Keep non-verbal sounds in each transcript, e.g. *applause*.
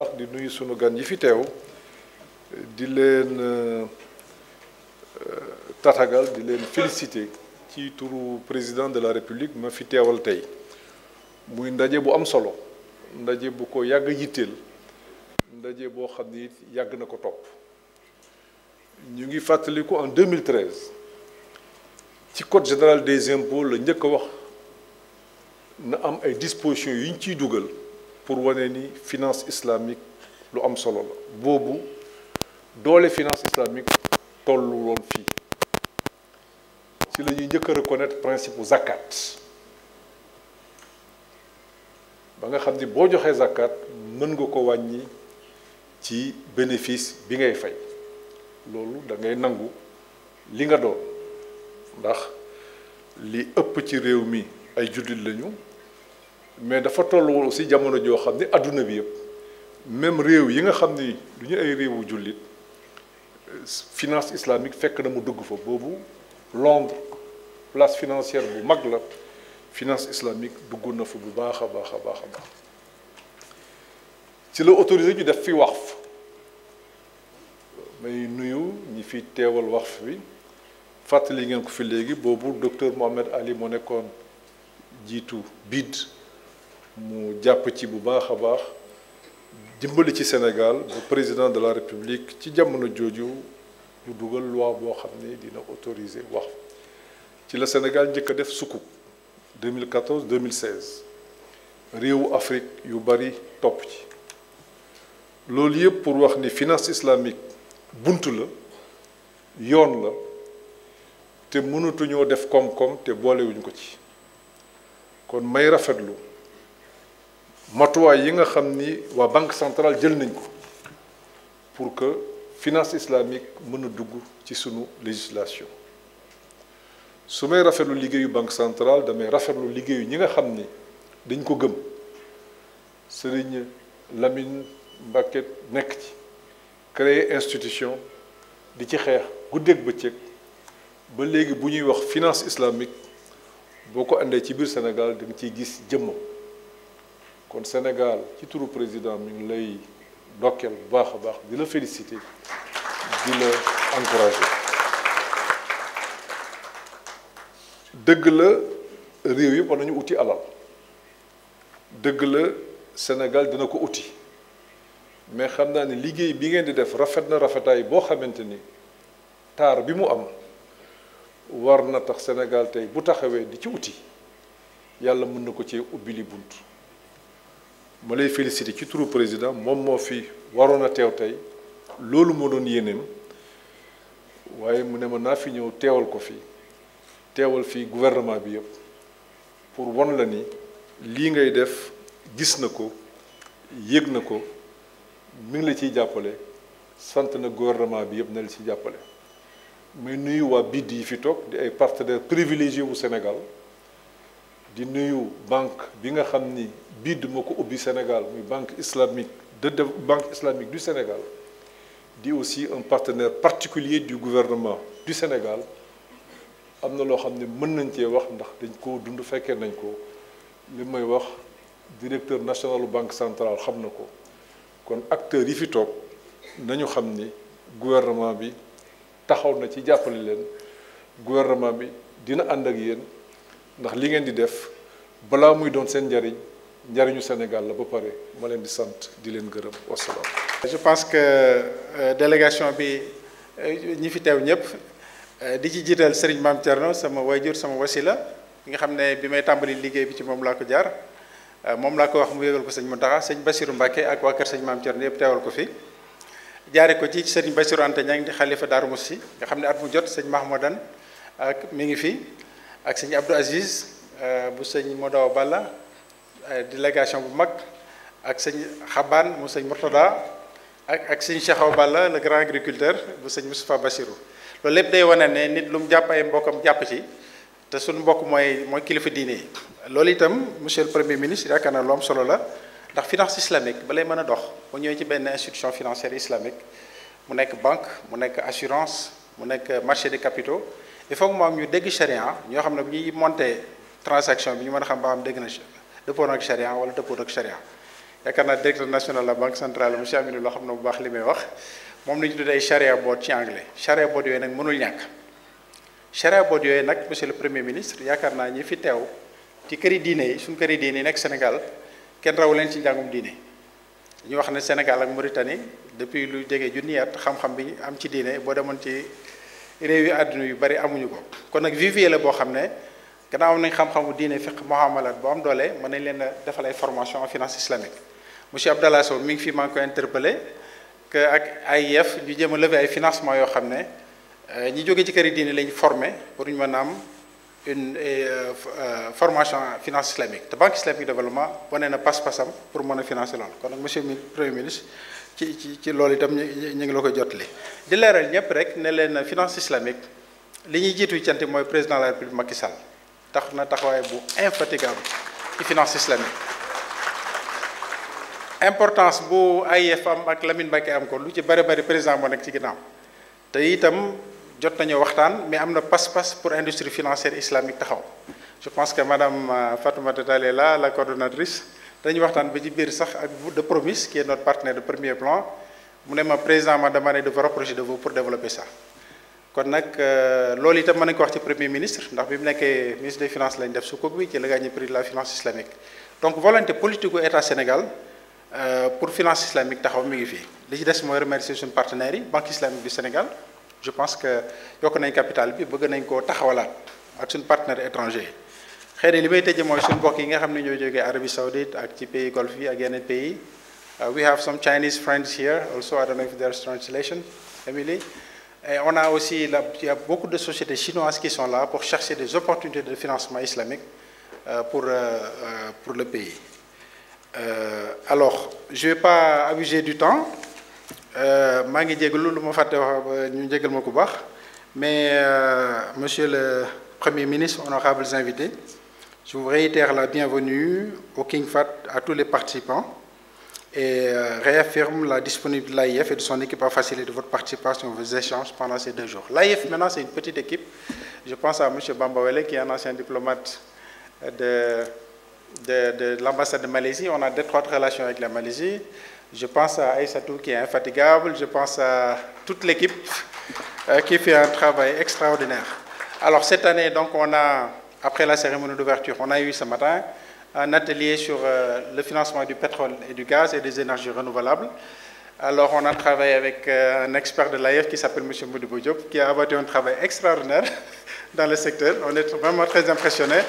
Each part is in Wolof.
Ah, di nuyu sunu gan yi fi teew di leen euh, euh, tatagal di leen félicité ci turu président de la république ma fi teewal tey muy ndaje bu am solo ndaje bu ko yàgg yitteel ndaje boo xam ni yàgg na ko topp ñu ngi fàttaliku en 2013 ci côte général des impôts la njëkk a wax na am ay dispositions yu ñu ciy dugal pour wane ni finance islamique lu am solo la boobu doole finance islamique tollu woon fii ci la ñuy njëkk a reconnaître principe u zakat ba nga xam ni boo joxee zakat mën nga ko wàññi ci bénéfice bi ngay fay loolu dangay nangu li nga doon ndax li ëpp ci réew mi ay jullit lañu mais dafa toll si jamono joo xam ni adduna bi yëpp même réew yi nga xam ni du ñu ay réewu jullit finance islamique fekk na mu dugg fa boobu Londres place financière bu mag la finance islamique dugg na fa bu baax a baax a baax a baax ci la autorisé ñu def fi waqf may nuyu ñi fi teewal wax bi fàttali ngeen ko fi léegi boobu docteur Mohamed Ali moo nekkoon. jiitu BID mu jàpp ci bu baax a baax dimbali ci Sénégal bu président de la République ci jamono jooju yu dugal loi boo xam ne dina autoriser wax ci la Sénégal njëkk a def sukuk 2014 2016 réewu Afrique yu bari topp ci loolu yëpp pour wax ni finance islamique bunt la yoon la te mënatuñoo def koom-koom te boolewuñu ko ci. kon may rafetlu matuwaay yi nga xam ni waa banque centrale jël nañ ko pour que finance islamique mën a dugg ci sunu législation su may rafetlu liggéeyu banque centrale damay rafetlu liggéeyu ñi nga xam ni dañ ko gëm sëriñ Lamine Mbacké nekk ci créer institution di ci xeex guddeeg bëccëg ba léegi bu ñuy wax finance islamique boo ko indee ci biir Sénégal da nga ciy gis jëmm kon Sénégal ci turu président mi lay dokkeel bu baax a baax di la féliciter di la encourager dëgg la réew yëpp war nañu uti alal dëgg la Sénégal dina ko uti mais xam naa ni liggéey bi ngeen di def rafet na rafetaay boo xamante ni taar bi mu am. war na tax Sénégal tey bu taxawee di ci wuti yàlla mun na ko ci ubbi li bunt ma lay félicité ci turu président moom moo fi waroon a teew tey loolu moo doon yéeneem waaye mu ne ma naa fi ñëw teewal ko fi teewal fii gouvernement bi yëpp pour won la ni lii ngay def gis na ko yëg na ko mi ngi la ciy jàppale sant na gouvernement bi yëpp na la ciy jàppale muy nuyu waa BID yi fi toog di ay partenaires privilégiés wu Sénégal di nuyu banque bi nga xam ni BID moo ko ubbi Sénégal muy banque islamique de banque islamique du Sénégal di aussi un partenaire particulier du gouvernement du Sénégal am na loo xam ne mën nañ cee wax ndax dañ ko dund fekkee nañ ko li may wax directeur national banque centrale xam na ko kon acteurs yi fi toog nañu xam ni gouvernement bi. taxaw na ci jàppale leen gouvernement bi dina ànd ak yéen ndax li ngeen di def balaa muy doon seen njariñ njariñu Sénégal la ba pare ma leen di sant di leen gërëm wasalaam. je pense que euh, délégation bi euh, ñi fi teew ñëpp euh, di ci jiital Serigne Mame Thierno sama wayjur sama wasila mi nga xam ne bi may tàmbali liggéey bi ci moom laa ko jaar moom laa ko wax mu yëgal ko sëñ Mountakha sëñ Bassirou Mbacké ak waa kër sëñ Mame Thierno teewal ko fi. jaare ko ci sëriñ Bassirou Anta Niang di xalifa Darou Moussi nga xam ne at mu jot sëñ Mahmoudan ak euh, mi ngi fi ak sëñ Abdou Aziz euh, bu sëñ Modaw Balla euh, délégation bu mag ak sëñ Xabaan mu sëñ Murtada ak ak sëñ Cheikh Balla le grand agriculteur bu sëñ Moustapha Bassirou loolu lépp day wane ne nit lu mu jàpp ay mbokkam jàpp ci te suñu mbokk mooy mooy kilifa diine yi loolu itam monsieur le premier ministre yaakaar naa lu am solo la ndax finance islamique balay mën a dox bu ñëwee ci benn institution financière islamique mu nekk banque mu nekk assurance mu nekk marché des capitaux il faut que ñu dégg charia ñoo xam ne bu ñuy monter transaction bi ñu mën a xam ba am dégg na dëppoo nag charia wala dëppoo nag charia yaakaar naa directeur national la banque centrale monsieur Aminou loo xam ne bu baax li may wax moom la ñu tuddee charia board ci anglais charia yooyu nag mënul ñàkk charia board yooyu nag monsieur le premier ministre yaakaar naa ñi fi teew ci këri diine yi suñu këri diine yi nekk Sénégal kenn rawu leen ci njàngum diine ñu wax ne Sénégal ak Mauritanie depuis lu jege junni at xam-xam bi am ci diine boo demoon ci réew yi àdduna yu bari amuñu ko kon nag vivier la boo xam ne gannaaw am nañ xam-xamu diine fiq muamalat boo am doolee mën nañ leen a defal ay formation en finance islamique monsieur Abdallah Sow mi ngi fi maa ngi ko interpellé que ak ay AIF ñu jéem a lever ay financement yoo xam ne euh, ñu jóge ci kër yi diine lañ formé pour ñu mën a am une euh, euh, formation finance islamique te banque islamique développement wane na pas-pasam pour mën a financer loolu kon nag monsieur mi premier ministre ci ci ci loolu itam ñu ñu ngi la koy li di leeral ñëpp rek ne leen finance islamique li ñuy jiitu cant mooy président la république Macky Sall tax na taxawaay bu infatigable ci finance islamique importance bu AIF am ak Lamine Mbacké am ko lu ci bari bari président moo nekk ci ginnaaw te itam. jot nañu waxtaan mais am na passe-passe pour industrie financière islamique taxaw je pense que madame euh, Fatoumata Tall est là la coordonnatrice dañu waxtaan ba ci biir sax ak de Promise qui est notre partenaire de premier plan mu ne ma président ma demandé de vous rapprocher de vous pour développer ça kon nag euh, loolu itam mën nañu ko wax ci premier ministre ndax bi mu nekkee ministre des finances lañ def sukuk bi ci la gagné prix de la finance islamique donc volonté politique gu euh, pour finance islamique taxaw mi ngi fii li ci des mooy remercier suñu partenaires yi banque islamique Sénégal je pense que yokk nañ capital bi bëgg nañ koo taxawalaat ak suñu partenaire étranger xëy na li may tëjee mooy suñu mbokk yi nga xam ne ñoo jógee Arabie Saoudite ak ci pays golfe yi ak yeneen pays uh, we have some Chinese friends here also I don't know if there's translation Emily on a aussi là il a beaucoup de sociétés chinoises qui sont là pour chercher des opportunités de financement islamique euh, pour euh, euh, pour le pays alors je vais pas abuser du temps Euh, maa ngi jégalu lu ma fàtte wax ba ñu jégal ma ku baax mais euh, monsieur le premier ministre honorables invités je vous réitère la bienvenue au King fat à tous les participants et euh, réaffirme la disponibilité de l'AIF et de son équipe à faciliter votre participation aux échanges pendant ces deux jours. L'AIF, maintenant, c'est une petite équipe. Je pense à M. Bambawele, qui est un ancien diplomate de, l'ambassade de Malaisie. On a d'étroites relations avec la Malaisie. Je pense à Aïssatou qui est infatigable, je pense à toute l'équipe euh, qui fait un travail extraordinaire. cette année, donc, on a, après la cérémonie d'ouverture, on a eu ce matin un atelier sur euh, le financement du pétrole et du gaz et des énergies renouvelables. Alors on a travaillé avec euh, un expert de l'AIF e qui s'appelle M. Moudibo qui a abattu un travail extraordinaire *laughs* dans le secteur. On est vraiment très impressionnés.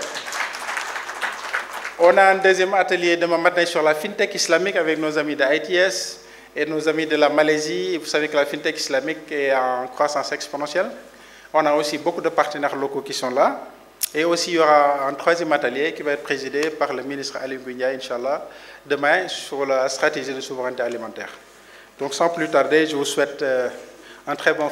On a un deuxième atelier demain matin sur la fintech islamique avec nos amis de ITS et nos amis de la Malaisie. Vous savez que la fintech islamique est en croissance exponentielle. On a aussi beaucoup de partenaires locaux qui sont là. Et aussi, il y aura un troisième atelier qui va être présidé par le ministre Ali Gounia, Inch'Allah, demain sur la stratégie de souveraineté alimentaire. Donc, sans plus tarder, je vous souhaite euh, un très bon